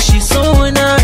she's so nice.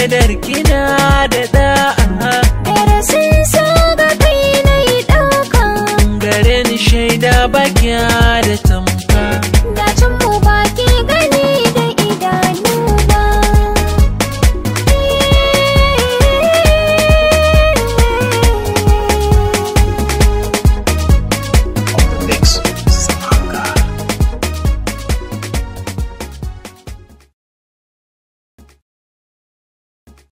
shaidar kina da